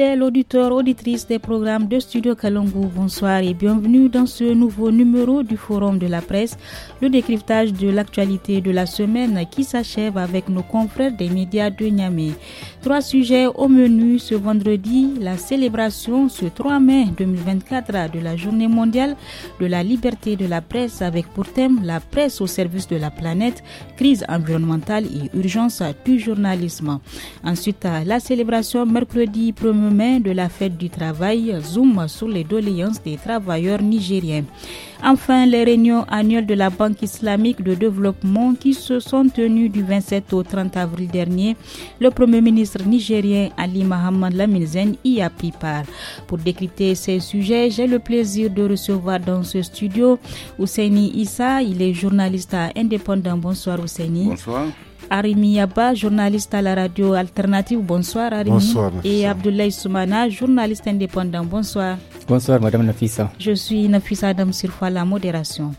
L'auditeur, auditrice des programmes de Studio Kalongo, bonsoir et bienvenue dans ce nouveau numéro du Forum de la presse, le décryptage de l'actualité de la semaine qui s'achève avec nos confrères des médias de Niamey. Trois sujets au menu ce vendredi, la célébration ce 3 mai 2024 de la Journée mondiale de la liberté de la presse avec pour thème la presse au service de la planète, crise environnementale et urgence du journalisme. Ensuite, la célébration mercredi 1er mai de la fête du travail, zoom sur les doléances des travailleurs nigériens. Enfin, les réunions annuelles de la Banque islamique de développement qui se sont tenues du 27 au 30 avril dernier. Le Premier ministre Nigerien nigérien Ali Mohamed Laminzen Iapipar. Pour décrypter ces sujets, j'ai le plaisir de recevoir dans ce studio Ousseini Issa, il est journaliste indépendant. Bonsoir Ousseini. Bonsoir. Arimi Yaba, journaliste à la radio alternative. Bonsoir Arimi. Bonsoir. Et Abdoulaye Soumana, journaliste indépendant. Bonsoir. Bonsoir Madame Nafissa. Je suis Nafissa Adam Sirfa, la modération.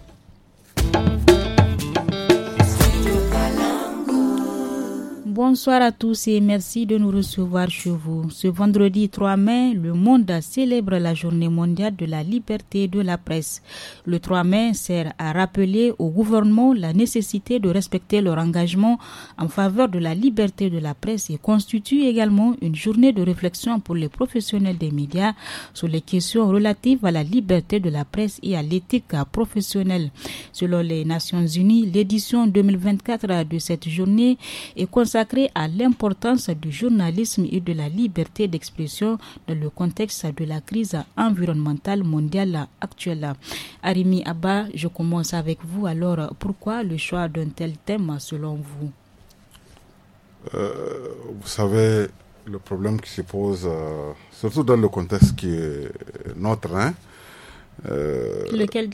Bonsoir à tous et merci de nous recevoir chez vous. Ce vendredi 3 mai, le monde célèbre la journée mondiale de la liberté de la presse. Le 3 mai sert à rappeler au gouvernement la nécessité de respecter leur engagement en faveur de la liberté de la presse et constitue également une journée de réflexion pour les professionnels des médias sur les questions relatives à la liberté de la presse et à l'éthique professionnelle. Selon les Nations Unies, l'édition 2024 de cette journée est consacrée consacré à l'importance du journalisme et de la liberté d'expression dans le contexte de la crise environnementale mondiale actuelle. Arimi Abba, je commence avec vous. Alors, pourquoi le choix d'un tel thème selon vous euh, Vous savez, le problème qui se pose, euh, surtout dans le contexte qui est notre, hein, euh, Lequel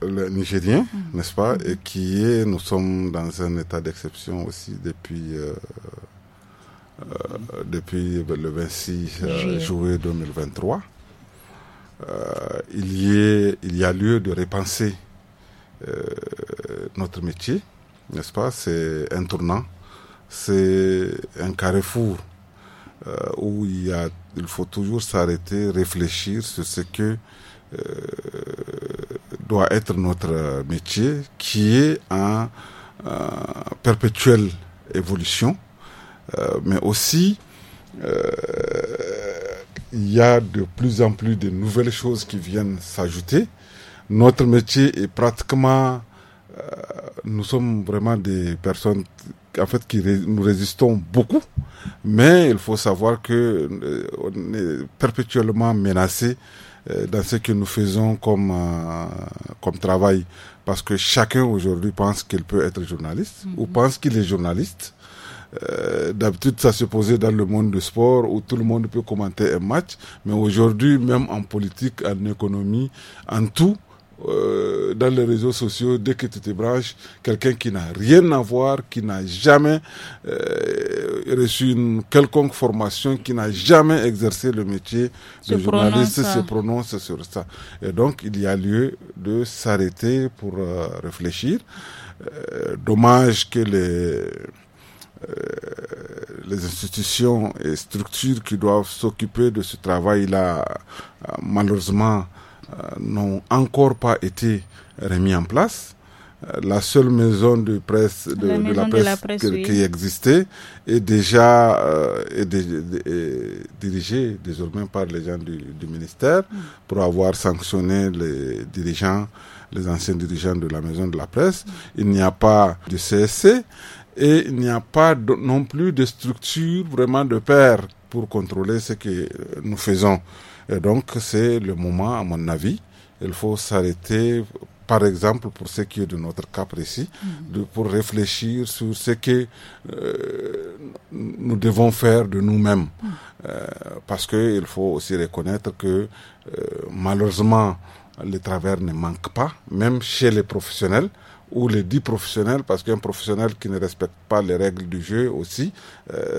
le Nigérien, mm. n'est-ce pas, mm. et qui est, nous sommes dans un état d'exception aussi depuis, euh, euh, depuis le 26 euh, juillet 2023. il, y il y a lieu de repenser notre métier, n'est-ce pas C'est un tournant, c'est un carrefour où il, y a, il faut toujours s'arrêter, réfléchir sur ce que euh, doit être notre métier, qui est en euh, perpétuelle évolution, euh, mais aussi il y a de plus en plus de nouvelles choses qui viennent s'ajouter. Notre métier est pratiquement, nous sommes vraiment des personnes en fait qui nous résistons beaucoup, mais il faut savoir que on est perpétuellement menacé euh, dans ce que nous faisons comme, euh, comme travail. Parce que chacun aujourd'hui pense qu'il peut être journaliste ou mhm. pense qu'il est journaliste. Euh, d'habitude ça se posait dans le monde du sport où tout le monde peut commenter un match, mais aujourd'hui même en politique, en économie, en tout, euh, dans les réseaux sociaux, dès que tu te branches, quelqu'un qui n'a rien à voir, qui n'a jamais euh, reçu une quelconque formation, qui n'a jamais exercé le métier de journaliste, se prononce sur ça. Et donc, il y a lieu de s'arrêter pour euh, réfléchir. dommage que les... les institutions et structures qui doivent s'occuper de ce travail-là, malheureusement, euh, n'ont encore pas été remis en place euh, la seule maison de presse de la, presse, qui existait est déjà euh, dirigée désormais par les gens du, ministère pour avoir sanctionné les dirigeants les anciens dirigeants de la maison de la presse il n'y a pas de CSC et il n'y a pas non plus de structure vraiment de pair pour contrôler ce que nous faisons et donc c'est le moment, à mon avis, il faut s'arrêter, par exemple, pour ce qui est de notre cas précis, mhm. pour réfléchir sur ce que euh, nous devons faire de nous-mêmes. Mhm. Euh, parce qu'il faut aussi reconnaître que euh, malheureusement, les travers ne manquent pas, même chez les professionnels ou les dix professionnels, parce qu'un professionnel qui ne respecte pas les règles du jeu aussi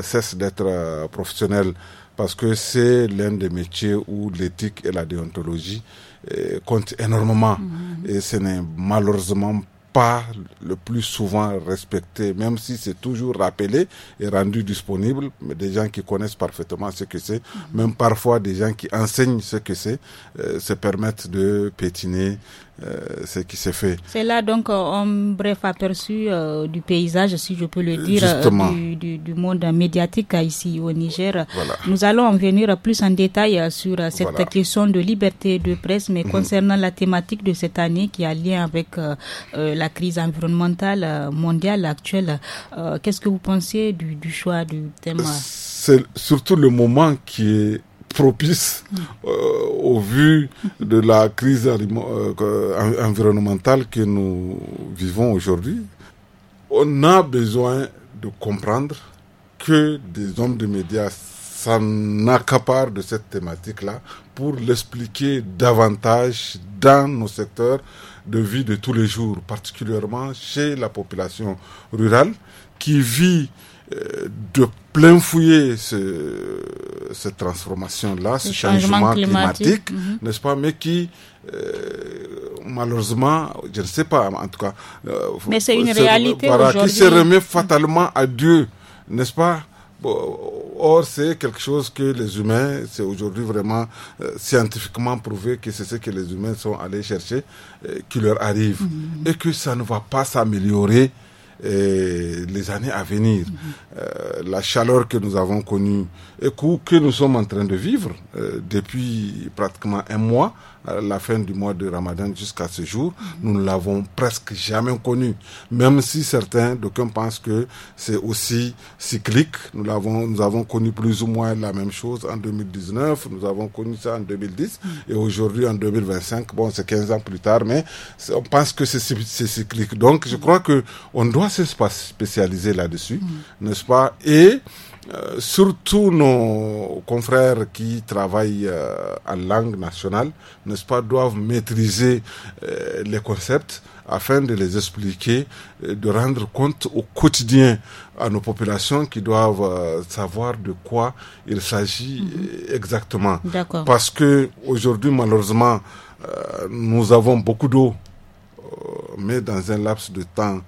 cesse d'être professionnel parce que c'est l'un des métiers où l'éthique et la déontologie eh, comptent énormément. Mhm. Et ce n'est malheureusement pas le plus souvent respecté, même si c'est toujours rappelé et rendu disponible, mais des gens qui connaissent parfaitement ce que c'est, mhm. même parfois des gens qui enseignent ce que c'est, eh, se permettent de pétiner euh, qui fait. C'est là donc euh, un bref aperçu euh, du paysage, si je peux le dire, du, monde médiatique ici au Niger. Nous allons en venir plus en détail sur cette question de liberté de presse, mais mhm. concernant la thématique de cette année qui a lien avec la crise environnementale mondiale actuelle, qu'est-ce que vous pensez du, du choix du thème C'est surtout le moment qui est propice euh, au vu de la crise euh, environnementale que nous vivons aujourd'hui. On a besoin de comprendre que des hommes de médias s'en accaparent de cette thématique-là pour l'expliquer davantage dans nos secteurs de vie de tous les jours, particulièrement chez la population rurale qui vit euh, de plein fouiller ce, cette transformation-là, ce changement, climatique, mm-hmm. n'est-ce pas, mais qui, euh, malheureusement, je ne sais pas, en tout cas, euh, mais c'est une réalité qui se remet fatalement à Dieu, n'est-ce pas Or, c'est quelque chose que les humains, c'est aujourd'hui vraiment scientifiquement prouvé que c'est ce que les humains sont allés chercher, qui leur arrive, mm-hmm. et que ça ne va pas s'améliorer et les années à venir, mhm. euh, la chaleur que nous avons connue et que nous sommes en train de vivre euh, depuis pratiquement un mois à la fin du mois de Ramadan jusqu'à ce jour, nous ne l'avons presque jamais connu. Même si certains, d'aucuns pensent que c'est aussi cyclique. Nous l'avons, nous avons connu plus ou moins la même chose en 2019. Nous avons connu ça en 2010. Et aujourd'hui, en 2025, bon, c'est 15 ans plus tard, mais on pense que c'est cyclique. Donc, je crois que on doit se spécialiser là-dessus, mm. n'est-ce pas? Et, euh, surtout nos confrères qui travaillent euh, en langue nationale, n'est-ce pas, doivent maîtriser euh, les concepts afin de les expliquer, de rendre compte au quotidien à nos populations qui doivent savoir de quoi il s'agit mhm. exactement. Parce que aujourd'hui, malheureusement, nous avons beaucoup d'eau, mais dans un laps de temps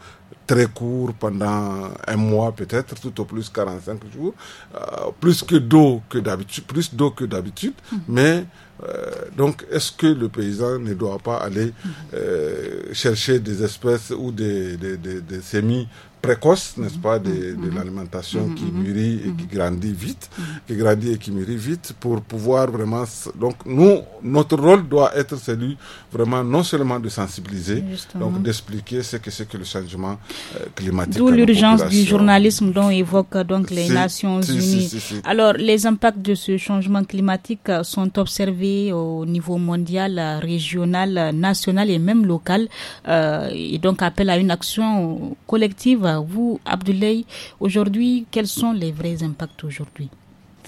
très court, pendant un mois peut-être, tout au plus 45 jours, euh, plus que d'eau que d'habitude, plus d'eau que d'habitude, mm. mais euh, donc, est-ce que le paysan ne doit pas aller mm. euh, chercher des espèces ou des, des, des, des semis précoce, n'est-ce mhm. pas, mhm. de, mhm. l'alimentation qui mûrit et qui grandit vite, qui grandit et qui mûrit vite pour pouvoir vraiment. Donc, nous, notre rôle doit être celui vraiment non seulement de sensibiliser, donc d'expliquer ce que c'est que le changement euh, climatique. D'où l'urgence du journalisme dont évoque donc les Nations Unies. Alors, les impacts de ce changement climatique sont observés au niveau mondial, régional, national et même local, euh, et donc appel à une action collective euh, vous, Abdoulaye, aujourd'hui, quels sont les vrais impacts aujourd'hui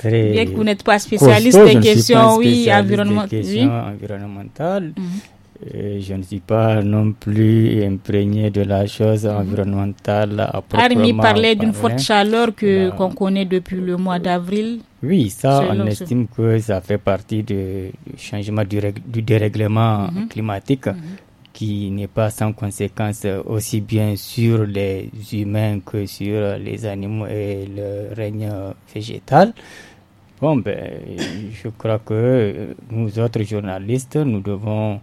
Bien que vous n'êtes pas spécialiste des questions, oui, environnementales, mhm. euh, je ne suis pas non plus imprégné de la chose mhm. environnementale. À Armi parlait d'une forte chaleur que qu'on connaît depuis le mois d'avril. Oui, ça, on estime que ça fait partie du changement du, dérèglement mhm. climatique n'est pas sans conséquence aussi bien sur les humains que sur les animaux et le règne végétal. Bon, ben, je crois que nous autres journalistes, nous devons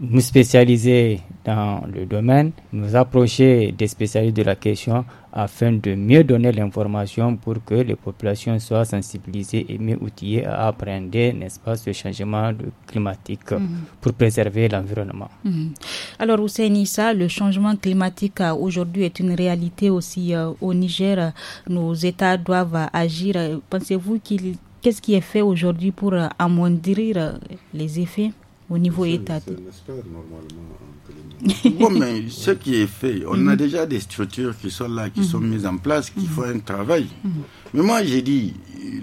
nous spécialiser dans le domaine, nous approcher des spécialistes de la question afin de mieux donner l'information pour que les populations soient sensibilisées et mieux outillées à apprendre, n'est-ce pas, ce changement climatique mhm. pour préserver l'environnement. Mhm. Alors, Hussein Issa, le changement climatique euh, aujourd'hui est une réalité aussi euh, au Niger. Nos États doivent agir. Pensez-vous qu'il, qu'est-ce qui est fait aujourd'hui pour euh, amoindrir les effets au niveau État. mais ce qui est fait, on a mm. déjà des structures qui sont là, qui sont mm. mises en place, qui mm. font un travail. Mais moi, j'ai dit,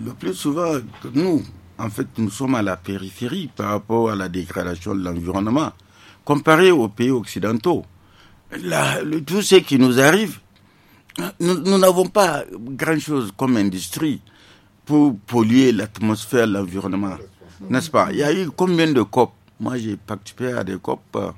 le plus souvent, nous, en fait, nous sommes à la périphérie par rapport à la dégradation de l'environnement. Comparé aux pays occidentaux, Là tout ce qui nous arrive, nous n'avons pas grand-chose comme industrie pour polluer l'atmosphère, l'environnement. N'est-ce pas Il y a eu combien de COP moi, j'ai participé à des COP, euh,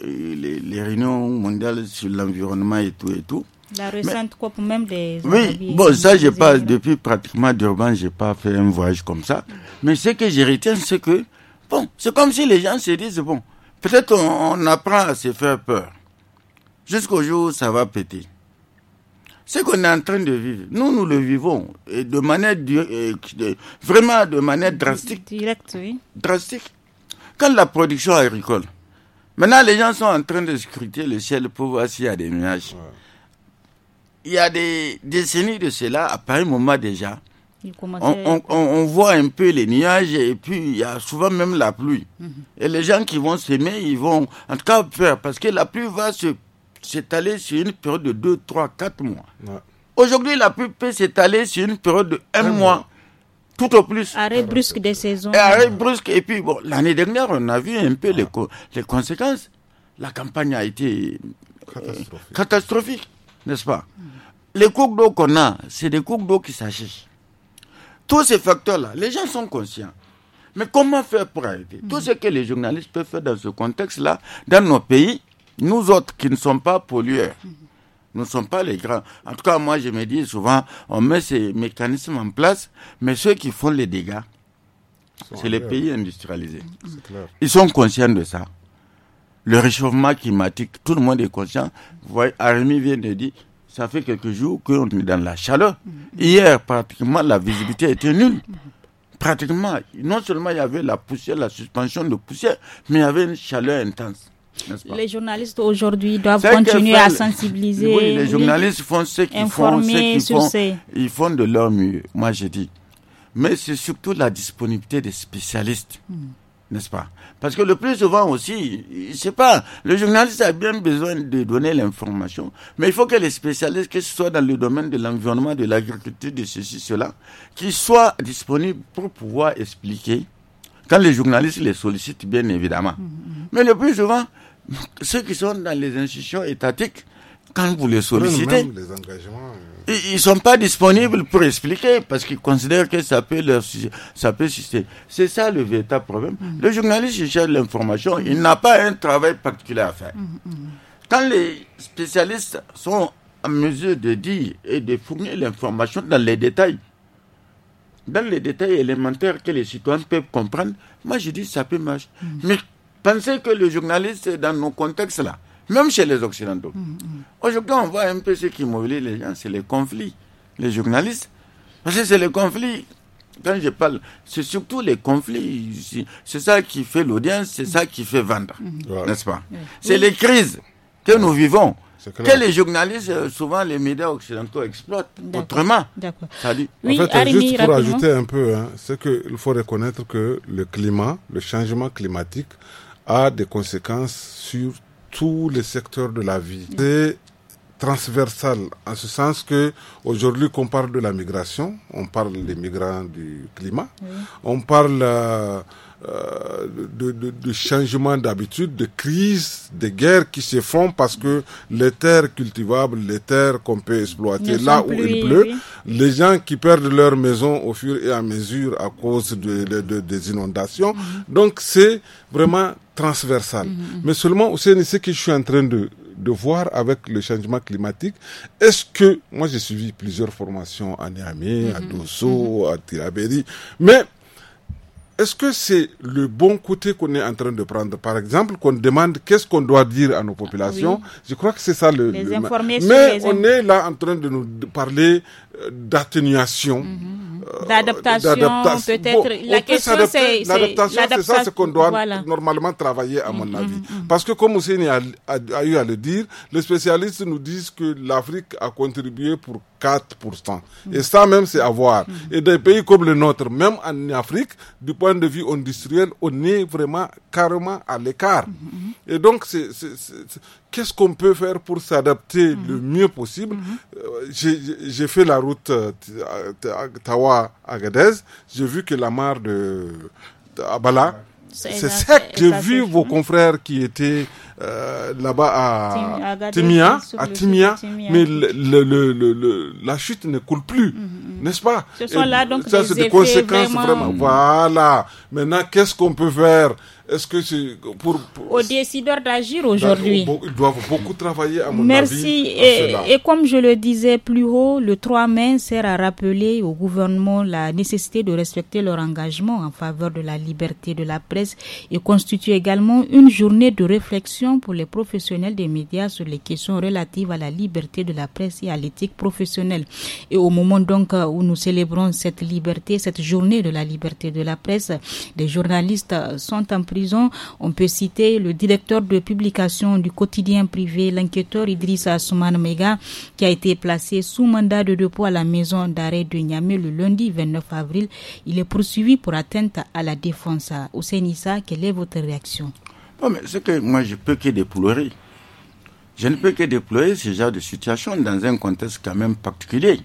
les, les, réunions mondiales sur l'environnement et tout et tout. La récente COP même des... Oui, bon, ça, j'ai pas, depuis pratiquement Durban, j'ai pas fait un voyage comme ça. Mais ce que j'ai retiens, c'est que, bon, c'est comme si les gens se disent, bon, peut-être on, apprend à se faire peur. Jusqu'au jour où ça va péter ce qu'on est en train de vivre, nous, nous le vivons et de manière euh, vraiment de manière drastique. Direct, oui. Drastique. Quand la production agricole, maintenant les gens sont en train de scruter le ciel pour voir s'il y a des nuages. Il y a des décennies de cela, à un moment déjà, on, voit un peu les nuages et puis il y a souvent même la pluie. Mhm. Et les gens qui vont s'aimer, ils vont en tout cas faire, parce que la pluie va s'étaler sur une période de 2, 3, 4 mois. Aujourd'hui, la pluie peut s'étaler sur une période de 1 mois tout au plus. Arrêt brusque des saisons. arrêt brusque. Et puis, l'année dernière, on a vu un peu les, conséquences. La campagne a été euh, catastrophique, n'est-ce pas Les cours d'eau qu'on a, c'est des cours d'eau qui s'agit. Tous ces facteurs-là, les gens sont conscients. Mais comment faire pour arrêter Tout ce que les journalistes peuvent faire dans ce contexte-là, dans nos pays, nous autres qui ne sommes pas pollueurs, nous ne sommes pas les grands. En tout cas, moi, je me dis souvent, on met ces mécanismes en place, mais ceux qui font les dégâts, c'est les pays industrialisés. Ils sont conscients de ça. Le réchauffement climatique, tout le monde est conscient. Vous voyez, vient de dire, ça fait quelques jours qu'on est dans la chaleur. Hier, pratiquement, la visibilité était nulle. Pratiquement, non seulement il y avait la poussière, la suspension de poussière, mais il y avait une chaleur intense. Les journalistes aujourd'hui doivent continuer à sensibiliser. Oui, les journalistes font ce qu'ils font, Ils font de leur mieux, moi je dis. Mais c'est surtout la disponibilité des spécialistes. Hmm. N'est-ce pas Parce que le plus souvent aussi, je sais pas, le journaliste a bien besoin de donner l'information, mais il faut que les spécialistes, que ce soit dans le domaine de l'environnement, de l'agriculture, de ceci, cela, qu'ils soient disponibles pour pouvoir expliquer quand les journalistes les sollicitent, bien évidemment. Hmm, hmm. Mais le plus souvent, ceux qui sont dans les institutions étatiques, quand vous les sollicitez, euh. ils ne sont pas disponibles pour expliquer parce qu'ils considèrent que ça peut leur ça peut susciter. C'est ça le véritable problème. Mm-hmm. Le journaliste cherche l'information, mm-hmm. il n'a pas un travail particulier à faire. Mm-hmm, quand les spécialistes sont en mesure de dire et de fournir l'information dans les détails, dans les détails élémentaires que les citoyens peuvent comprendre, moi je dis ça peut marcher. Mais Pensez que le journaliste, dans nos contextes-là, même chez les Occidentaux, mm, mm. aujourd'hui, on voit un peu ce qui mobilise les gens, c'est les conflits. Les journalistes, parce que c'est les conflits quand je parle, c'est surtout les conflits. C'est ça qui fait l'audience, c'est ça qui fait vendre, mm, n'est-ce pas C'est les crises que nous vivons, que les journalistes, euh, souvent les médias occidentaux exploitent autrement. Ça en fait, juste pour ajouter un peu, hein, c'est qu'il faut reconnaître que le climat, le changement climatique, a des conséquences sur tous les secteurs de la vie. C'est transversal en ce sens que aujourd'hui qu'on parle de la migration, on parle des migrants du climat, on parle euh, de, de, de changement d'habitude, de crise de guerres qui se font parce que les terres cultivables, les terres qu'on peut exploiter là où il pleut, les gens qui perdent leur maison au fur et à mesure à cause de, de des inondations. Mhm. Donc c'est vraiment transversal. Mhm, mhm. Mais seulement, c'est ce que je suis en train de, de voir avec le changement climatique. Est-ce que, moi j'ai suivi plusieurs formations à Niamey, à Dosso, à Tirabéry, mais est-ce que c'est le bon côté qu'on est en train de prendre Par exemple, qu'on demande qu'est-ce qu'on doit dire à nos populations. Je crois que c'est ça le... Les Mais on est là en train de nous parler euh, d'atténuation. Mhm, mhm. Euh, d'adaptation, peut-être. la question, c'est... L'adaptation, c'est ça ce qu'on doit normalement travailler, à mon mhm, avis. Parce que, comme Hussein a, eu à le dire, les spécialistes nous disent que l'Afrique a contribué pour 4%. Et ça même, c'est à voir. Et des pays comme le nôtre, même en Afrique, du point de vue industriel, on est vraiment carrément à l'écart. Et donc, qu'est-ce qu'on peut faire pour s'adapter le mieux possible euh, J'ai fait la route euh, euh, Tawa-Agadez, j'ai vu que la mare de... Abala c'est que J'ai vu vos confrères qui étaient euh, là-bas à, Timia, mais la chute ne coule plus, mm-hmm, mm-hmm. n'est-ce pas Ce sont là donc ça, des, des conséquences vraiment. Voilà. Maintenant, qu'est-ce qu'on peut faire est-ce que c'est pour, aux décideurs d'agir aujourd'hui Ils doivent beaucoup travailler à mon Merci. avis. Merci. Et, comme je le disais plus haut, le 3 mai sert à rappeler au gouvernement la nécessité de respecter leur engagement en faveur de la liberté de la presse et constitue également une journée de réflexion pour les professionnels des médias sur les questions relatives à la liberté de la presse et à l'éthique professionnelle. Et au moment donc euh, où nous célébrons cette liberté, cette journée de la liberté de la presse, des journalistes euh, sont en on peut citer le directeur de publication du quotidien privé, l'enquêteur Idrissa Souman Mega, qui a été placé sous mandat de dépôt à la maison d'arrêt de Niamey le lundi 29 avril. Il est poursuivi pour atteinte à la défense. Ousenissa, quelle est votre réaction mais ce que moi je peux que déplorer. Je ne peux que déplorer ce genre de situation dans un contexte quand même particulier.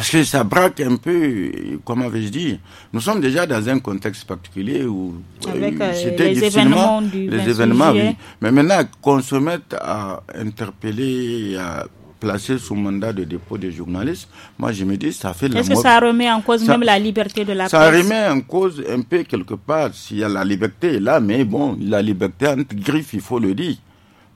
Parce que ça braque un peu, comment vais-je dire Nous sommes déjà dans un contexte particulier où euh, euh, c'était les événements, les événements oui. Mais maintenant, qu'on se mette à interpeller, à placer sous mandat de dépôt des journalistes, moi je me dis ça fait le. Est-ce que ça remet en cause même la liberté de la presse Ça remet en cause un peu quelque part s'il y a la liberté là, mais bon, la liberté entre griffes, il faut le dire.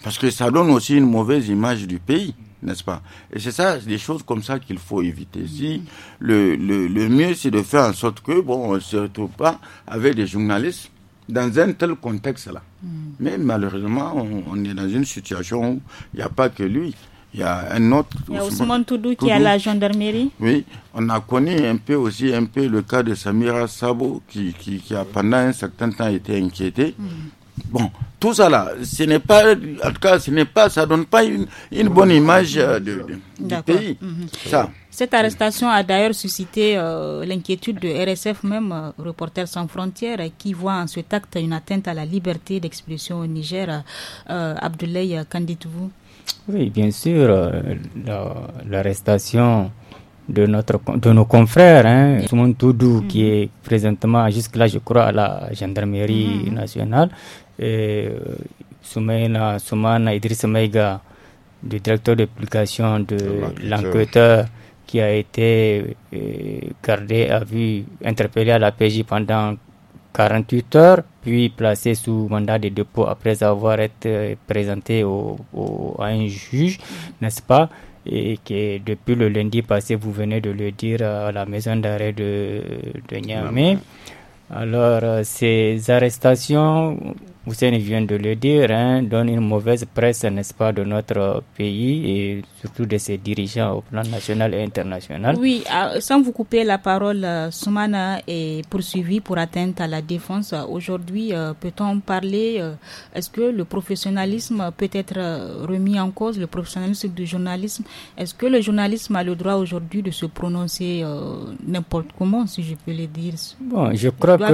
Parce que ça donne aussi une mauvaise image du pays n'est-ce pas Et c'est ça, des choses comme ça qu'il faut éviter. Si le, le, le mieux, c'est de faire en sorte que, bon, on ne se retrouve pas avec des journalistes dans un tel contexte-là. Hmm. Mais malheureusement, on, est dans une situation où il n'y a pas que lui. Il y a un autre. Il y a Ousmane, Toudou, qui est à la gendarmerie. Oui, on a connu un peu aussi un peu le cas de Samira Sabo qui, qui, a pendant un certain temps été inquiétée. Hmm. Bon, tout ça là, ce n'est pas, en cas, ce n'est pas, ça donne pas une, bonne image euh, de, du pays. Mhm. Ça. Cette arrestation a d'ailleurs suscité euh, l'inquiétude de RSF, même euh, reporter sans frontières, qui voit en cet acte une atteinte à la liberté d'expression au Niger. Abdoulaye, qu'en dites-vous Oui, bien sûr, l'arrestation de notre de nos confrères hein, Toudou qui mhm. est présentement jusque là je crois à la gendarmerie mhm. nationale eh, Soumaïna, Soumana Idriss Maïga, le directeur de publication de l'enquêteur qui a été eh, gardé à vue, interpellé à la PJ pendant 48 heures, puis placé sous mandat de dépôt après avoir été présenté au, à un juge, n'est-ce pas et que depuis le lundi passé, vous venez de le dire à la maison d'arrêt de, de Niamey. Alors, euh, ces arrestations vous savez, je vient de le dire, hein, donne une mauvaise presse, n'est-ce pas, de notre pays et surtout de ses dirigeants au plan national et international. Oui, ah, sans vous couper la parole, euh, Soumana est poursuivi pour atteinte à la défense. Aujourd'hui, euh, peut-on parler, euh, est-ce que le professionnalisme peut être remis en cause, le professionnalisme du journalisme Est-ce que le journalisme a le droit aujourd'hui de se prononcer n'importe comment, si je peux le dire Bon, je crois que...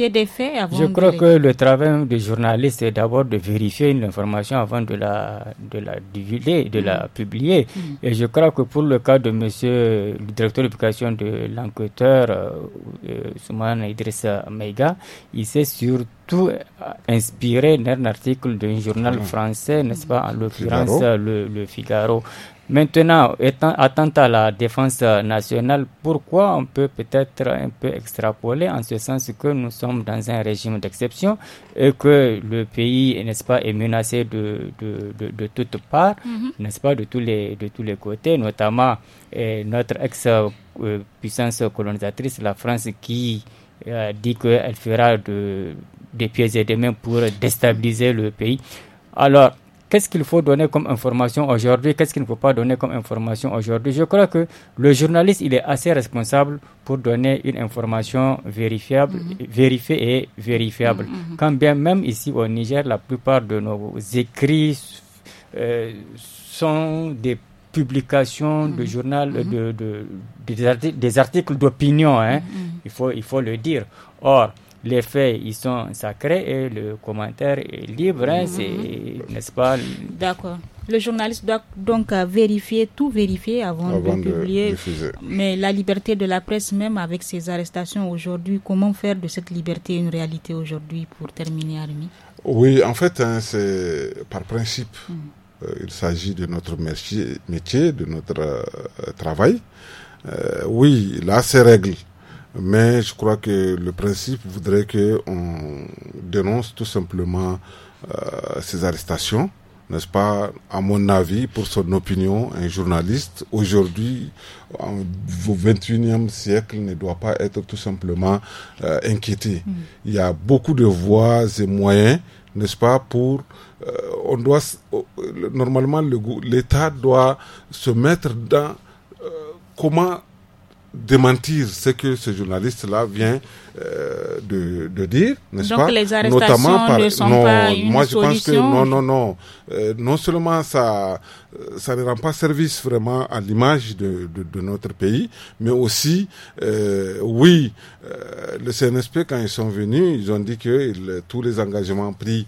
Je crois que le travail du journalisme journaliste, c'est d'abord de vérifier une information avant de la, de la divulguer, de la mm-hmm. publier. Mm-hmm. Et je crois que pour le cas de monsieur le directeur d'éducation de l'enquêteur, euh, euh, Soumane Idrissa Meiga, il s'est surtout inspiré d'un article d'un journal mm-hmm. français, n'est-ce pas, en l'occurrence euh, le, le Figaro. Maintenant, étant attente à la défense nationale, pourquoi on peut peut-être un peu extrapoler en ce sens que nous sommes dans un régime d'exception et que le pays, n'est-ce pas, est menacé de, de, de, toutes parts, mhm. n'est-ce pas, de tous les, de tous les côtés, notamment eh, notre ex-puissance colonisatrice, la France, qui dit eh, dit qu'elle fera de, des pieds et des mains pour déstabiliser le pays. Alors, Qu'est-ce qu'il faut donner comme information aujourd'hui Qu'est-ce qu'il ne faut pas donner comme information aujourd'hui Je crois que le journaliste, il est assez responsable pour donner une information vérifiable, mm-hmm. vérifiée et vérifiable. Mm-hmm, mm-hmm. Quand bien même ici au Niger, la plupart de nos écrits euh, sont des publications de journal, des, articles d'opinion, hein. il, faut, il faut le dire. Or, les faits ils sont sacrés et le commentaire est libre, hein, c'est mhm. n'est-ce pas D'accord. Le journaliste doit donc euh, vérifier, tout vérifier avant, de publier. Mais la liberté de la presse, même avec ces arrestations aujourd'hui, comment faire de cette liberté une réalité aujourd'hui pour terminer, Armi Oui, en fait, hein, c'est par principe. Mhm. Euh, il s'agit de notre métier, de notre euh, travail. oui, là, c'est réglé. Mais je crois que le principe voudrait qu'on dénonce tout simplement euh, ces arrestations. N'est-ce pas, à mon avis, pour son opinion, un journaliste aujourd'hui, au 21e siècle, ne doit pas être tout simplement euh, inquiété. Mm. Il y a beaucoup de voies et moyens, n'est-ce pas, pour euh, on doit oh, normalement l'État doit se mettre dans comment démentir ce que ce journaliste-là vient euh, de, de, dire, n'est-ce pas les Notamment par, ne sont non, moi je pense que non, non, non. Euh, non seulement ça, euh, ça ne rend pas service vraiment à l'image de, de, notre pays, mais aussi, oui, le CNSP quand ils sont venus, ils ont dit que tous les engagements pris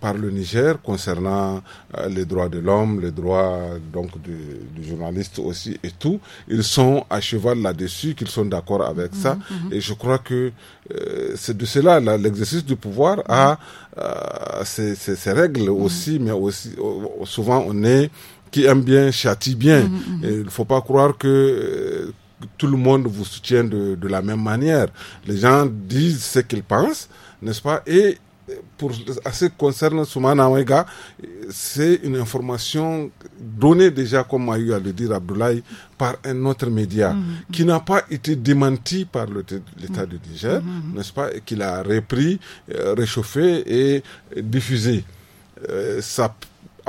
par le Niger concernant les droits de l'homme, les droits donc du, journaliste aussi et tout, ils sont à cheval là-dessus, qu'ils sont d'accord avec ça, mhm, mhm. et je crois que que euh, c'est de cela, l'exercice du pouvoir a mhm. euh, ses, règles aussi, mhm. mais aussi souvent on est qui aime bien châtie bien. Mhm, il faut pas croire que euh, tout le monde vous soutient de, de, la même manière. Les gens disent ce qu'ils pensent, n'est-ce pas Et pour à ce qui concerne Soumana c'est une information donnée déjà, comme a eu à le dire Abdoulaye, par un autre média mhm. qui n'a pas été démenti par l'État de Niger, mhm. Mhm. n'est-ce pas, et qu'il a repris, euh, réchauffé et diffusé. Euh, ça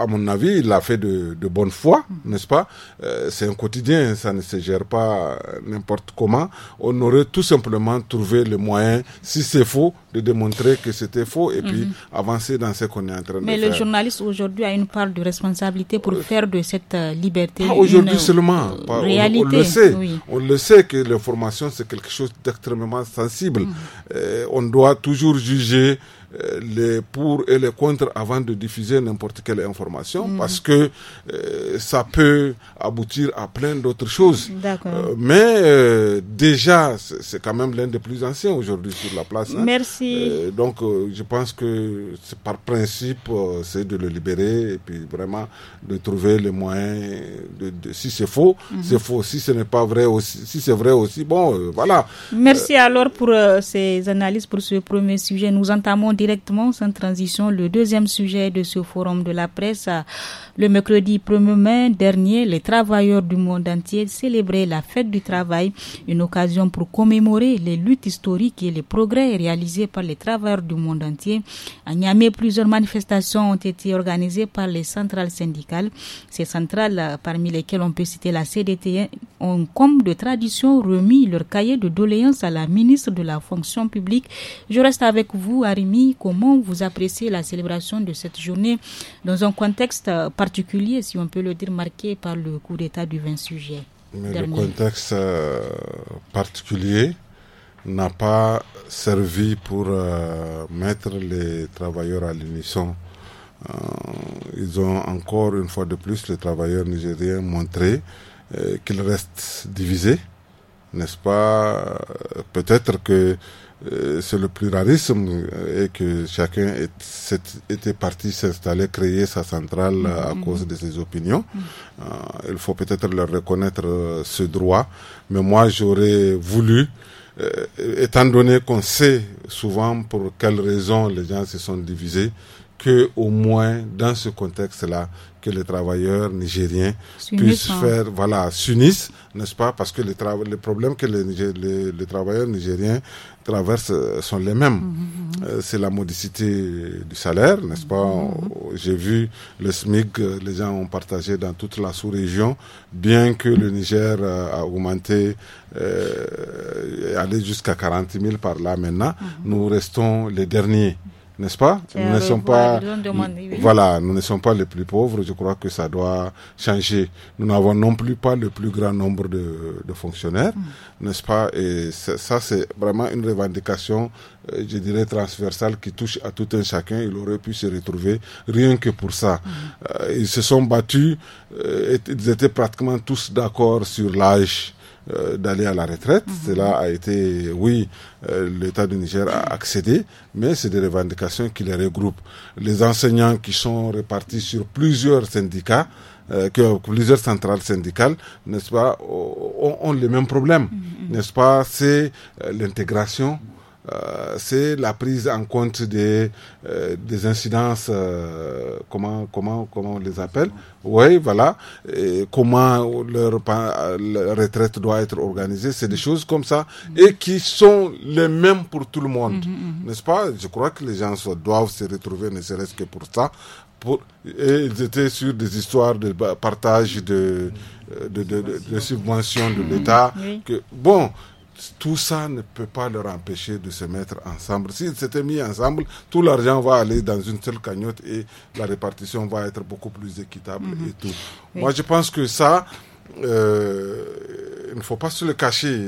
à mon avis, il l'a fait de, bonne foi, n'est-ce pas euh, C'est un quotidien, ça ne se gère pas euh, n'importe comment. On aurait tout simplement trouvé le moyen, si c'est faux, de démontrer que c'était faux et puis mhm. avancer dans ce qu'on est en train de faire. Mais le journaliste aujourd'hui a une part de responsabilité pour euh, faire de cette liberté. Aujourd'hui seulement. réalité, on, le sait. On le sait que l'information, c'est quelque chose d'extrêmement sensible. Mhm. on doit toujours juger euh, les pour et les contre avant de diffuser n'importe quelle information mm. parce que euh, ça peut aboutir à plein d'autres choses. Euh, mais déjà, c'est quand même l'un des plus anciens aujourd'hui sur la place. Hein. Merci. donc, je pense que par principe, c'est de le libérer et puis vraiment de trouver les moyens. De, si c'est faux, mm-hmm. c'est faux. Si ce n'est pas vrai aussi, si c'est vrai aussi, bon, voilà. Merci alors pour ces analyses pour ce premier sujet. Nous entamons directement sans transition le deuxième sujet de ce forum de la presse. Le mercredi 1er mai dernier, les travailleurs du monde entier célébraient la fête du travail, une occasion pour commémorer les luttes historiques et les progrès réalisés par les travailleurs du monde entier. À Niamey, plusieurs manifestations ont été organisées par les centrales syndicales. Ces centrales, parmi lesquelles on peut citer la CDT, ont comme de tradition remis leur cahier de doléances à la ministre de la fonction publique. Je reste avec vous, Arimi comment vous appréciez la célébration de cette journée dans un contexte particulier, si on peut le dire, marqué par le coup d'État du 20 juillet le contexte euh, particulier n'a pas servi pour euh, mettre les travailleurs à l'unisson. Euh, ils ont encore une fois de plus, les travailleurs nigériens, montré qu'ils restent divisés n'est-ce pas euh, Peut-être que euh, c'est le pluralisme et que chacun est, était parti s'installer, créer sa centrale mm-hmm. à cause de ses opinions. Mm-hmm. Euh, il faut peut-être leur reconnaître ce droit, mais moi j'aurais voulu, étant donné qu'on sait souvent pour quelles raisons les gens se sont divisés, que au moins dans ce contexte-là, que les travailleurs nigériens puissent hein. faire, voilà, s'unissent, n'est-ce pas, parce que les, les problèmes que les, les, travailleurs nigériens traversent euh, sont les mêmes. Mmh, mmh, mmh. Euh, c'est la modicité du salaire, n'est-ce pas J'ai vu le SMIC, euh, les gens ont partagé dans toute la sous-région, bien que le Niger a augmenté, euh, allé jusqu'à 40 000 par là maintenant, nous restons les derniers n'est-ce pas Nous ne sommes pas, voilà, nous ne sommes pas les plus pauvres. Je crois que ça doit changer. Nous n'avons non plus pas le plus grand nombre de, de fonctionnaires, mm. n'est-ce pas Et ça, c'est vraiment une revendication, euh, je dirais transversale, qui touche à tout un chacun. Il aurait pu se retrouver rien que pour ça. Mm. Euh, ils se sont battus. Euh, ils étaient pratiquement tous d'accord sur l'âge euh, d'aller à la retraite. Mhm. Cela a été, oui, euh, l'État du Niger a accédé, mais c'est des revendications qui les regroupent. Les enseignants qui sont répartis sur plusieurs syndicats, euh, que plusieurs centrales syndicales, n'est-ce pas, ont, les mêmes problèmes, mhm. n'est-ce pas, c'est l'intégration euh, c'est la prise en compte des, euh, des incidences, euh, comment, comment, comment on les appelle Oui, voilà. comment leur, retraite doit être organisée. C'est des choses comme ça et qui sont les mêmes pour tout le monde. Mm-hmm, mm-hmm. N'est-ce pas Je crois que les gens doivent se retrouver, ne serait-ce que pour ça. Pour, et ils étaient sur des histoires de partage de, de, de, de, subventions de mm-hmm. l'État. que Bon, tout ça ne peut pas leur empêcher de se mettre ensemble. S'ils s'étaient mis ensemble, tout l'argent va aller dans une seule cagnotte et la répartition va être beaucoup plus équitable et mhm. tout. Moi, je pense que ça, euh, il ne faut pas se le cacher.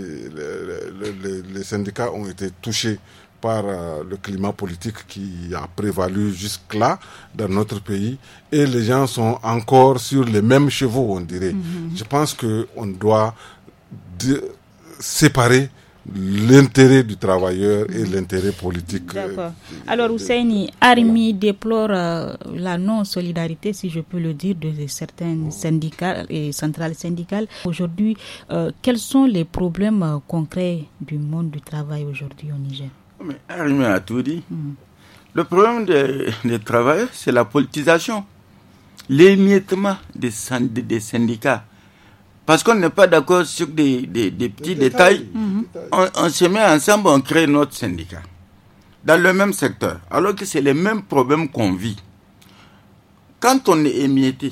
les, syndicats ont été touchés par euh, le climat politique qui a prévalu jusque-là dans notre pays et les gens sont encore sur les mêmes chevaux, on dirait. Mhm. Je pense qu'on doit séparer l'intérêt du travailleur et mhm. l'intérêt politique. Euh, Alors, Ousseini, Armi déplore euh, la non-solidarité, si je peux le dire, de certains oh. syndicats et centrales syndicales. Aujourd'hui, euh, quels sont les problèmes concrets du monde du travail aujourd'hui au Niger Mais Armi a tout dit. Hmm. Le problème des de travailleurs, c'est la politisation, l'émiettement des syndicats parce qu'on n'est pas d'accord sur des, petits détails. Mhm. on, se met ensemble, on crée notre syndicat. Dans le même secteur. Alors que c'est les mêmes problèmes qu'on vit. Quand on est émietté,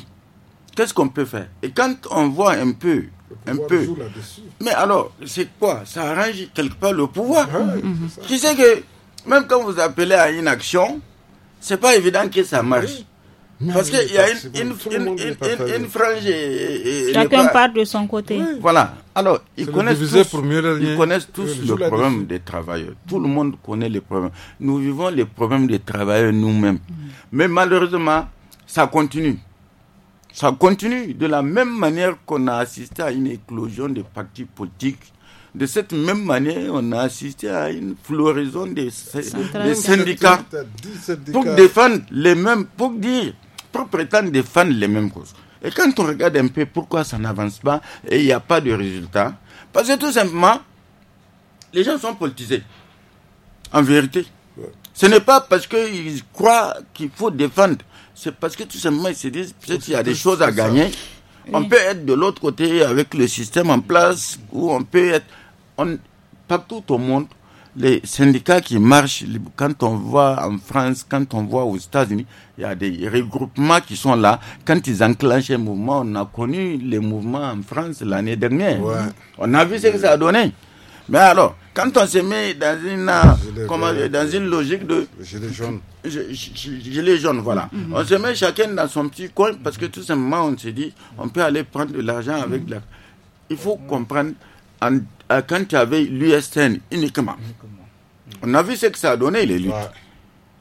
qu'est-ce qu'on peut faire Et quand on voit un peu un peu. Mais alors, c'est quoi Ça arrange quelque part le pouvoir. Mhm. tu sais que même quand vous appelez à une action, c'est pas évident que ça marche. Parce qu'il y a une, frange. Chacun part de son côté. Voilà. Alors, ils connaissent, tous, le, problème des travailleurs. Tout le monde connaît les problèmes. Nous vivons les problèmes des travailleurs nous-mêmes. Mm. Mais malheureusement, ça continue. Ça continue de la même manière qu'on a assisté à une éclosion des partis politiques de cette même manière, on a assisté à une floraison des, des syndicats, pour défendre les mêmes, pour dire pour prétendre défendre les mêmes causes. Et quand on regarde un peu pourquoi ça n'avance pas et il n'y a pas de résultat, parce que tout simplement, les gens sont politisés. En vérité. Ce n'est pas parce qu'ils croient qu'il faut défendre. C'est parce que tout simplement, ils se disent, peut qu'il y a des choses à gagner. On peut être de l'autre côté avec le système en place, où on peut être... On, partout au monde, les syndicats qui marchent, quand on voit en France, quand on voit aux États-Unis, il y a des regroupements qui sont là. Quand ils enclenchent un mouvement, on a connu les mouvements en France l'année dernière. On a vu ce que ça a donné. Mais alors, quand on se met dans une, euh, comment, dans une logique de... Gilets jaune. Gilets voilà. Mhm. On se met chacun dans son petit coin parce que tout simplement, on se dit, on peut aller prendre de l'argent avec la... Il faut comprendre en euh, quand quand y avait l'USN uniquement. Mm. On a vu ce que ça a donné, les luttes.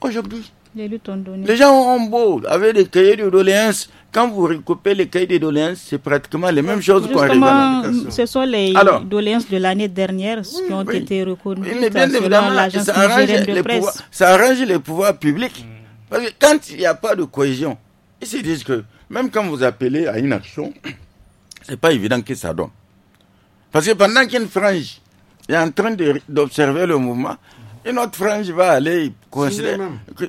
Aujourd'hui, les, luttes ont donné. les gens ont beau, avec des cahiers de doléances, quand vous recoupez les cahiers de doléances, c'est pratiquement les mêmes choses qu'on Ce sont les doléances de l'année dernière qui ont été reconnues euh, l'agence ça arrange de les presse. Pouvoirs, ça arrange les pouvoirs publics. Mm. Parce que quand il n'y a pas de cohésion, ils se disent que même quand vous appelez à une action, ce n'est pas évident que ça donne. Parce que pendant qu'une frange est en train d'observer le mouvement, une autre frange va aller coïncider.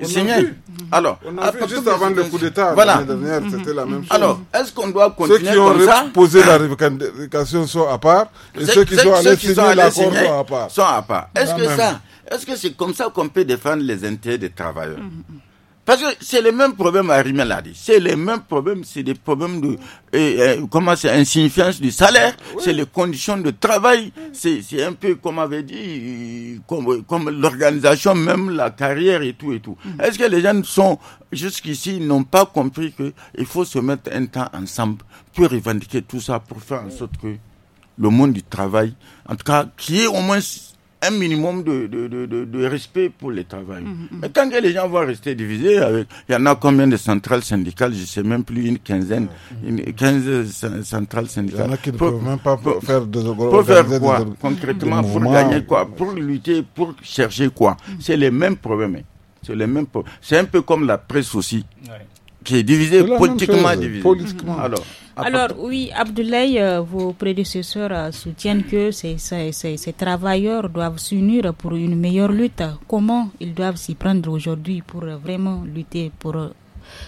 Signer. Alors, on a vu juste avant le coup d'État, l'année dernière, mm-hmm. c'était la même chose. Alors, est-ce qu'on doit continuer comme ça Ceux qui ont posé la hein revendication sont à part, et ceux qui sont allés signer l'accord sont à part. Sont à part. Est-ce que ce c'est comme ça qu'on peut défendre les intérêts des travailleurs mm-hmm. Parce que c'est les mêmes problèmes, Arimel l'a dit. C'est les mêmes problèmes, c'est des problèmes de, comment c'est, insignifiance du salaire, c'est les conditions de travail, c'est, c'est un peu, comme avait dit, comme, comme l'organisation, même la carrière et tout et tout. Mm-hmm. Est-ce que les jeunes sont, jusqu'ici, n'ont pas compris que il faut se mettre un temps ensemble pour revendiquer tout ça, pour faire en sorte que le monde du travail, en tout cas, qui est au moins un minimum de, de, de, respect pour les travail mm-hmm, mm-hmm. Mais quand les gens vont rester divisés, avec, il y en a combien de centrales syndicales Je sais même plus, une quinzaine, mm-hmm. une quinzaine centrales syndicales. Il peuvent même pas pour, faire Pour faire quoi Concrètement, pour gagner quoi Pour lutter, pour chercher quoi C'est les mêmes problèmes. Hein. C'est les mêmes problèmes. C'est un peu comme la presse aussi, qui est divisée, politiquement divisée. Politiquement. Alors, alors oui, Abdoulaye, euh, vos prédécesseurs euh, soutiennent que ces, ces, travailleurs doivent s'unir pour une meilleure lutte. Comment ils doivent s'y prendre aujourd'hui pour euh, vraiment lutter pour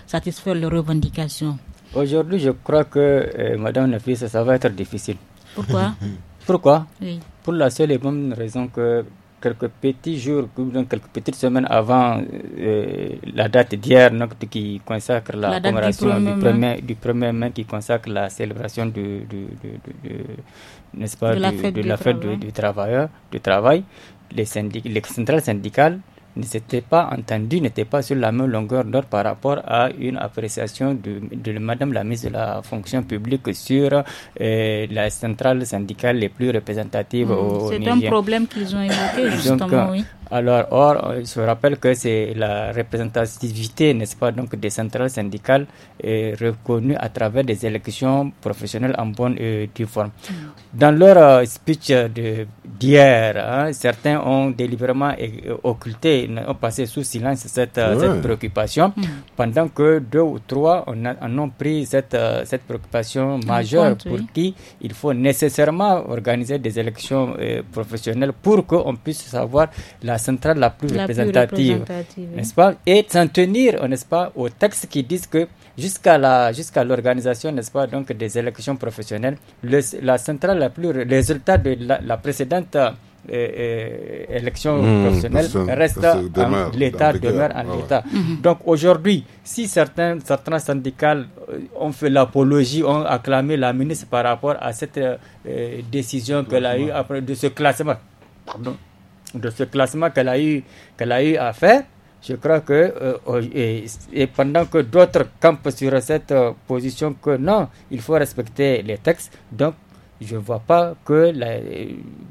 satisfaire leurs revendications Aujourd'hui, je crois que, Madame la fille, ça, ça va être difficile. Pourquoi Pourquoi oui. Pour la seule et bonne raison que quelques petits jours, quelques petites semaines avant euh, la date d'hier qui consacre la, la du, premier, du premier mai qui consacre la célébration du, n'est-ce pas, de la fête, de la travail. du, travail, les, syndic les centrales syndicales ne pas entendus, n'étaient pas sur la même longueur d'ordre par rapport à une appréciation de, Madame la mise de la fonction publique sur euh, la centrale syndicale les plus représentatives mhm. au, C'est un problème qu'ils ont évoqué justement, euh, Alors, or, je euh, rappelle que c'est la représentativité, n'est-ce pas, donc des centrales syndicales reconnues à travers des élections professionnelles en bonne et due forme. Mhm. Dans leur speech d'hier, hein, certains ont délibérément occulté ont passé sous silence cette, euh, cette préoccupation, hmm. pendant que deux ou trois en, ont pris cette, euh, cette préoccupation majeure pour qui il faut nécessairement organiser des élections euh, professionnelles pour qu'on puisse savoir la centrale la plus représentative, n'est-ce pas Et s'en tenir, n'est-ce pas, aux textes qui disent que jusqu'à la jusqu'à l'organisation n'est-ce pas donc des élections professionnelles la centrale la plus résultat de la précédente élections élection hmm, reste l'État demeure en l'État. Ah mhm. Donc aujourd'hui, si certains certains syndicats euh, ont fait l'apologie, ont acclamé la ministre par rapport à cette euh, euh, décision qu'elle a eue après de ce classement, pardon, de ce classement qu'elle a eu qu'elle a eu à faire, je crois que et, pendant que d'autres campent sur cette position que non, il faut respecter les textes, donc je ne vois pas que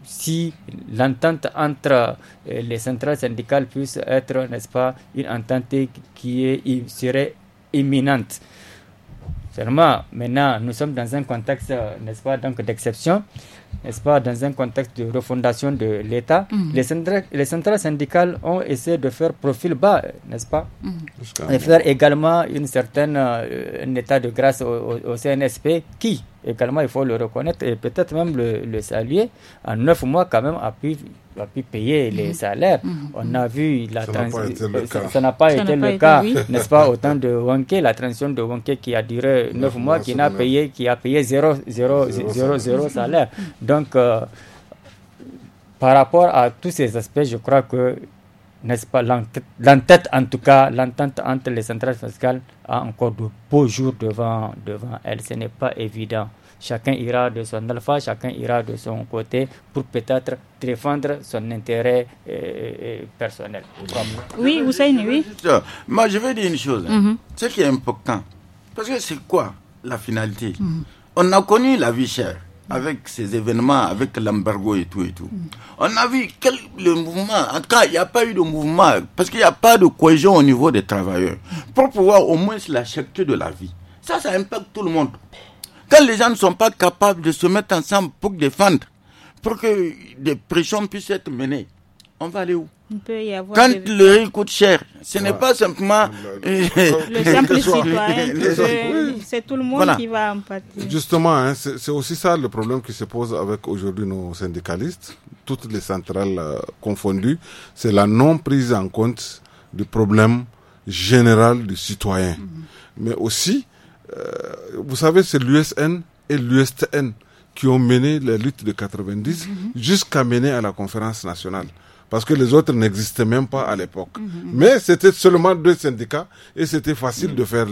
si l'entente entre euh, les centrales syndicales puisse être, n'est-ce pas, une entente qui est, serait imminente. Seulement, maintenant, nous sommes dans un contexte, n'est-ce pas, donc d'exception, n'est-ce pas, dans un contexte de refondation de l'État. Mm. Les, centrales, les, centrales syndicales ont essayé de faire profil bas, n'est-ce pas, mm. et faire également une certaine, euh, un état de grâce au, CNSP qui, également, il faut le reconnaître et peut-être même le, le saluer, en neuf mois quand même a pu va plus payer les mhm. salaires. Mhm. On a vu la transition. Ça n'a pas été le cas, n'est-ce pas, autant de Wonke, la transition de Wonke qui a duré 9 mois, qui n'a payé, qui a payé 0, salaire. Donc, euh, par rapport à tous ces aspects, je crois que n'est-ce pas, l'entente en tout cas, l'entente entre les centrales fiscales a encore de beaux jours devant, devant elle. Ce n'est pas évident. Chacun ira de son alpha, chacun ira de son côté pour peut-être défendre son intérêt euh, euh, euh, personnel. Oui, vous savez, oui. Moi, je vais dire une chose. Mhm. Ce qui est important, parce que c'est quoi la finalité mhm. On a connu la vie chère avec ces événements, avec l'embargo et tout et tout. Mhm. On a vu quel, le mouvement, en cas il n'y a pas eu de mouvement, parce qu'il n'y a pas de cohésion au niveau des travailleurs, pour pouvoir au moins la de la vie. Ça, ça impacte tout le monde. Quand les gens ne sont pas capables de se mettre ensemble pour défendre, pour que des pressions puissent être menées, on va aller où Quand le riz coûte cher, ce n'est pas simplement le simple citoyen, c'est tout le monde qui va en pâtir. Justement, hein, c'est aussi ça le problème qui se pose avec aujourd'hui nos syndicalistes, toutes les centrales euh, confondues, c'est la non prise en compte du problème général du citoyen, mhm. mais aussi euh, vous savez, c'est l'USN et l'USTN qui ont mené la lutte de 90 mhm. jusqu'à mener à la conférence nationale parce que les autres n'existaient même pas à l'époque. Mhm, mhm. Mais c'était seulement deux syndicats et c'était facile de faire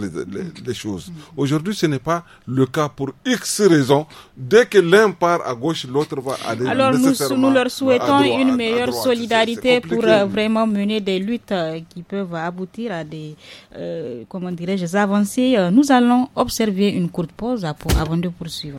les, choses. Mhm, Aujourd'hui, ce n'est pas le cas pour X raisons. Dès que l'un part à gauche, l'autre va aller Alors nous, leur souhaitons une meilleure solidarité pour euh, vraiment mener des luttes euh, qui peuvent aboutir à des, euh, comment dirais-je, avancées. Nous allons observer une courte pause avant de poursuivre.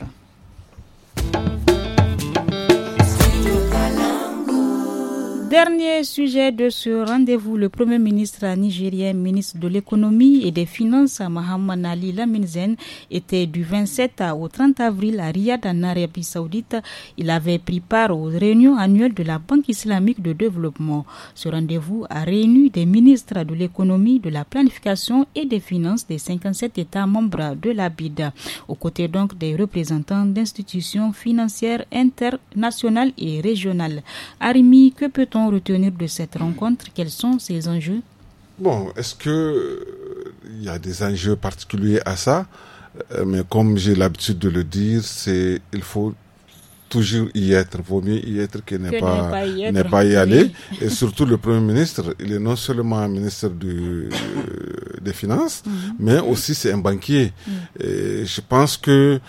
Dernier sujet de ce rendez-vous, le Premier ministre nigérien, ministre de l'économie et des finances, Mohamed Ali Laminzen, était du 27 au 30 avril à Riyad, en Arabie saoudite. Il avait pris part aux réunions annuelles de la Banque islamique de développement. Ce rendez-vous a réuni des ministres de l'économie, de la planification et des finances des 57 États membres de la aux côtés donc des représentants d'institutions financières internationales et régionales. Arimi, que peut-on retenir de cette rencontre Quels sont ces enjeux Bon, est-ce que euh, il y a des enjeux particuliers à ça euh, Mais comme j'ai l'habitude de le dire, c'est il faut toujours y être. Vaut mieux y être que ne pas, n'est pas y aller. Et surtout le Premier ministre, il est non seulement un ministre euh, des Finances, mhm. mais aussi c'est un banquier. Mhm. je pense que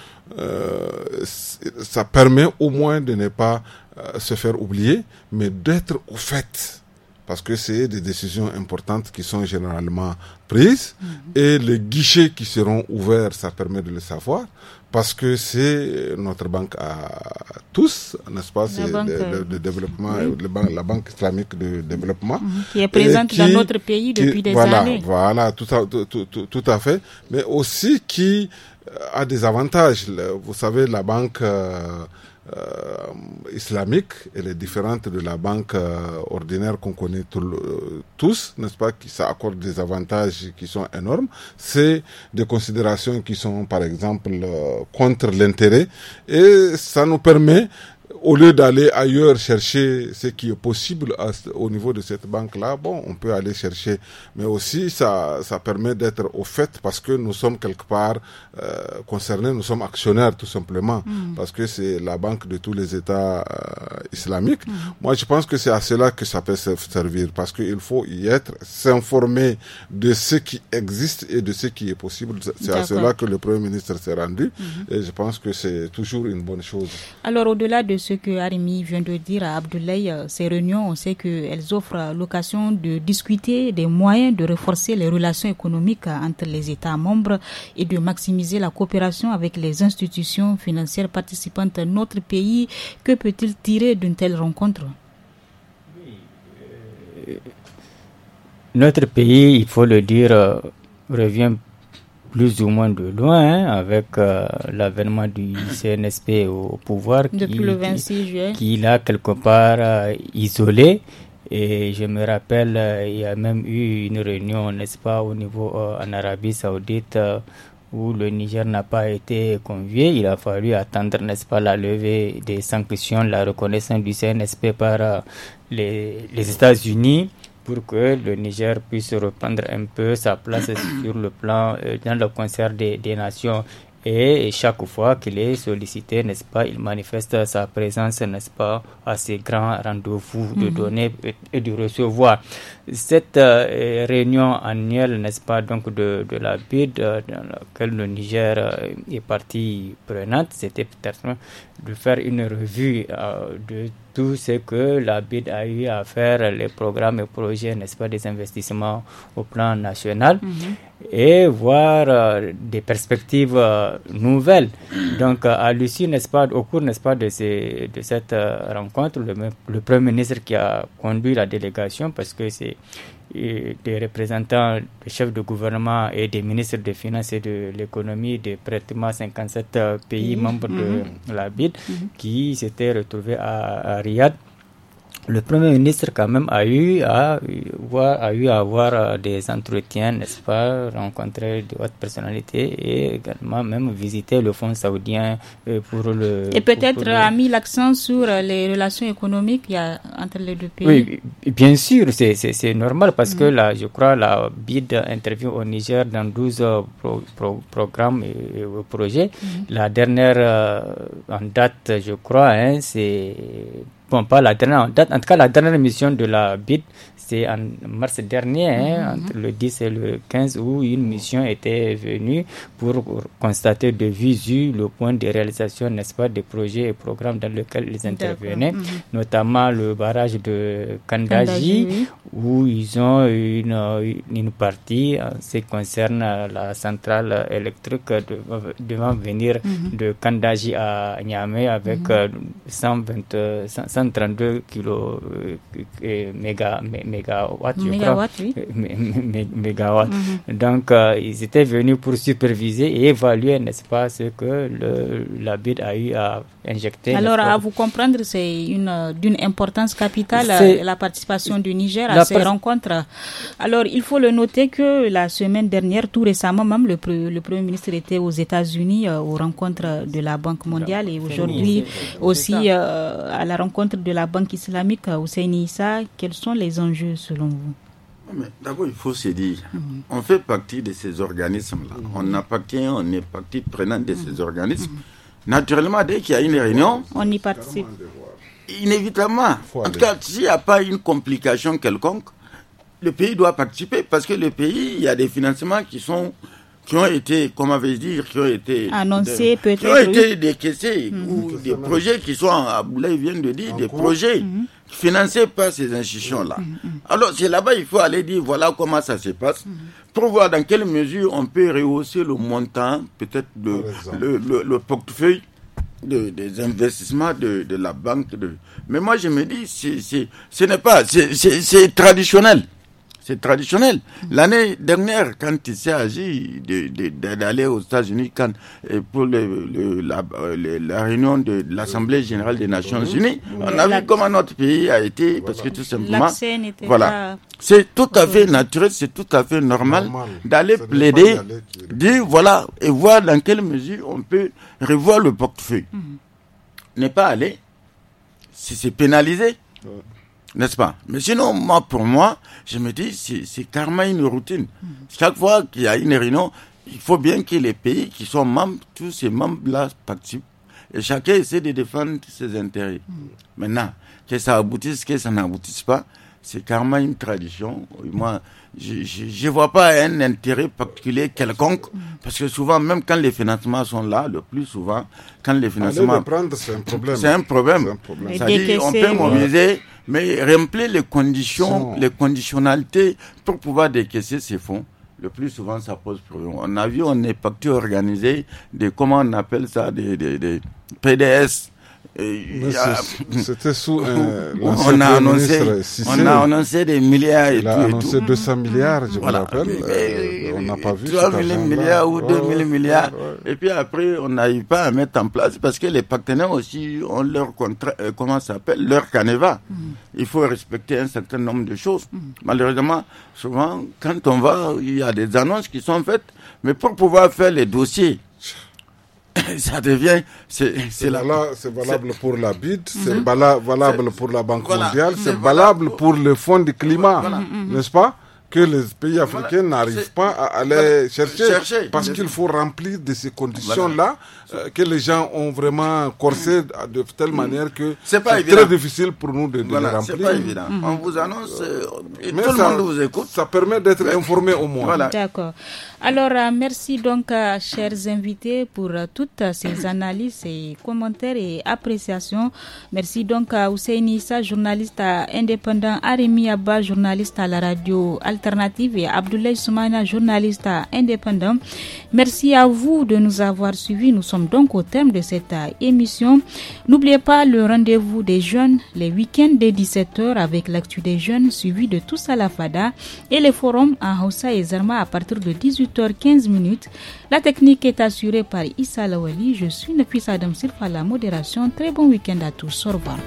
ça permet au moins de ne pas euh, se faire oublier, mais d'être au fait. Parce que c'est des décisions importantes qui sont généralement prises mhm. et les guichets qui seront ouverts, ça permet de le savoir parce que c'est notre banque à tous, n'est-ce pas, c'est le euh, développement, la banque islamique de développement mhm, qui est présente dans notre pays depuis des années. Voilà, tout à, tout, tout, à fait, mais aussi qui euh, a des avantages. Vous savez, la banque. Euh, islamique, elle est différente de la banque euh, ordinaire qu'on connaît euh, tous, n'est-ce pas, qui ça accorde des avantages qui sont énormes. C'est des considérations qui sont, par exemple, contre l'intérêt et ça nous permet au lieu d'aller ailleurs chercher ce qui est possible au niveau de cette banque-là, bon, on peut aller chercher. Mais aussi, ça, ça permet d'être au fait parce que nous sommes quelque part euh, concernés, nous sommes actionnaires tout simplement, hmm. parce que c'est la banque de tous les États euh, islamiques. Hmm. Moi, je pense que c'est à cela que ça peut servir, parce qu'il faut y être, s'informer de ce qui existe et de ce qui est possible. C'est à cela que le Premier ministre s'est rendu, hmm. et je pense que c'est toujours une bonne chose. Alors, au-delà de ce que Arimi vient de dire à Abdoulaye, euh, ces réunions, on sait qu'elles offrent l'occasion de discuter des moyens de renforcer les relations économiques entre les États membres et de maximiser la coopération avec les institutions financières participantes à notre pays. Que peut-il tirer d'une telle rencontre euh, euh, Notre pays, il faut le dire, revient plus ou moins de loin hein, avec euh, l'avènement du CNSP au, pouvoir qui, quelque part euh, isolé. Et je me rappelle, euh, il y a même eu une réunion, n'est-ce pas, au niveau en Arabie Saoudite où le Niger n'a pas été convié. Il a fallu attendre, n'est-ce pas, la levée des sanctions, la reconnaissance du CNSP par les, les États-Unis pour que le Niger puisse reprendre un peu sa place sur le plan euh, dans le concert des, nations et chaque fois qu'il est sollicité, n'est-ce pas, il manifeste sa présence, n'est-ce pas, à ces grands rendez-vous de données mhm. donner et de recevoir. Cette euh, réunion annuelle, n'est-ce pas, donc de, de la BID, euh, dans laquelle le Niger euh, est partie prenante, c'était peut-être de faire une revue de tout ce que la BID a eu à faire, les programmes et projets, n'est-ce pas, des investissements au plan national, mhm. et voir des perspectives nouvelles. Donc, à Lucie, n'est-ce pas, au cours, n'est-ce pas, de, de cette rencontre, le Premier ministre qui a conduit la délégation, parce que c'est des représentants, des chefs de gouvernement et des ministres des Finances et de l'économie de pratiquement 57 euh, pays membres de mhm. la BID mhm. qui s'étaient retrouvés à, à Riyad le Premier ministre quand même a eu à, a eu à avoir euh, des entretiens, n'est-ce pas, rencontrer de personnalités et également même visiter le fonds saoudien euh, pour le... Et peut-être a mis l'accent sur euh, les relations économiques entre les deux pays. Oui, bien sûr, c'est normal parce mm. que là, je crois, la BID interview au Niger dans 12 programmes et, projets. Mm. La dernière en date, je crois, hein, c'est pas la dernière en en tout cas la dernière émission de la BID, c'est en mars dernier, hein, mhm. entre le 10 et le 15, où une mission était venue pour constater de visu le point de réalisation, n'est-ce pas, des projets et programmes dans lesquels ils intervenaient, mhm. notamment le barrage de Kandaji, où ils ont une, une partie en ce qui concerne la centrale électrique devant venir mhm. de Kandaji à Niamey avec 120, 132 euh, kilo, euh, mégawatts, Oui. Euh, mégawatts. Mhm. Donc, euh, ils étaient venus pour superviser et évaluer, n'est-ce pas, ce que le, la BID a eu à injecter. Alors, à vous comprendre, c'est une d'une importance capitale euh, la participation du Niger à ces rencontres. Alors, il faut le noter que la semaine dernière, tout récemment, même le, Premier ministre était aux États-Unis aux rencontres de la Banque mondiale et aujourd'hui aussi à la rencontre de la Banque islamique, au Issa. Quels sont les enjeux selon vous D'abord, il faut se dire, ah on fait partie de ces organismes-là. On appartient, on est partie prenante de ah. ces organismes. Ah. Naturellement, dès qu'il y a une réunion, on y participe. Inévitablement. En tout cas, s'il n'y a pas une complication quelconque, le pays doit participer parce que le pays, il y a des financements qui sont qui ont été, comment vais-je dire, qui ont été annoncés peut-être, qui ont été décaissés hmm. ou des projets qui sont, à Boulay vient de dire, des projets. Hmm financé par ces institutions-là. Mm, mm, mm. Alors c'est là-bas il faut aller dire voilà comment ça se passe pour voir dans quelle mesure on peut rehausser le montant, peut-être le, le, portefeuille des investissements de, la banque. De... Mais moi je me dis, ce n'est pas, c'est, traditionnel c'est traditionnel. L'année dernière, quand il s'est agi d'aller aux États-Unis euh, pour euh, la, réunion de l'Assemblée générale des Nations mhm. Unies, on a vu comment notre pays a été, parce que tout simplement, voilà, c'est tout à fait naturel, c'est tout à fait normal, d'aller plaider, dire voilà, et voir dans quelle mesure on peut revoir le portefeuille. Mhm. Ne N'est pas aller, si c'est pénalisé, n'est-ce pas Mais sinon, moi, pour moi, je me dis, c'est carrément une routine. Hmm. Chaque fois qu'il y a une réunion, il faut bien que les pays qui sont membres, tous ces membres-là participent. Et chacun essaie de défendre ses intérêts. Hmm. Maintenant, que ça aboutisse, que ça n'aboutisse pas, c'est carrément une tradition. Moi, je ne vois pas un intérêt particulier quelconque, parce que souvent, même quand les financements sont là, le plus souvent, quand les financements... prendre, c'est un problème. C'est un problème. on peut mobiliser, mais remplir les conditions, les conditionnalités pour pouvoir décaisser ces fonds le plus souvent, ça pose problème. On a vu, on est parti organiser des, comment on appelle ça, des, des, des PDS, euh, c'était sous on a annoncé, on a annoncé des milliards et il A annoncé 200 milliards, je me rappelle. Euh, on n'a pas vu. milliards ou 2 milliards. Et puis après, on n'arrive pas à mettre en place parce que les partenaires aussi ont leur contrat, euh, comment ça s'appelle, leur canevas. Mm. Il faut respecter un certain nombre de choses. Mm. Malheureusement, souvent, quand on va, il y a des annonces qui sont faites, mais pour pouvoir faire les dossiers, ça devient. C'est valable, valable pour la BID, c'est valable pour la Banque mondiale, c'est valable pour le Fonds du climat, mhm, mhm. n'est-ce pas que les pays africains n'arrivent pas à aller chercher, parce qu'il faut remplir de ces conditions-là euh, que les gens ont vraiment corsé mm. de telle mm. manière que c'est très difficile pour nous de, les remplir. Mm-hmm. On vous annonce, euh, et tout ça, le monde vous écoute. Ça permet d'être informé au moins. D'accord. Alors, euh, merci donc, chers invités, pour toutes ces analyses et commentaires et appréciations. Merci donc à Hussein Issa, journaliste indépendant, Arimi Abba, journaliste à la radio et Abdoulaye Soumana, journaliste indépendant. Merci à vous de nous avoir suivis. Nous sommes donc au terme de cette euh, émission. N'oubliez pas le rendez-vous des jeunes les week-ends dès 17h avec l'actu des jeunes suivi de tous à la FADA et les forums à Hausa et Zerma à partir de 18h15 minutes. La technique est assurée par Issa Lawali. Je suis Nafis Adam Sirfa, la modération. Très bon week-end à tous. Au revoir.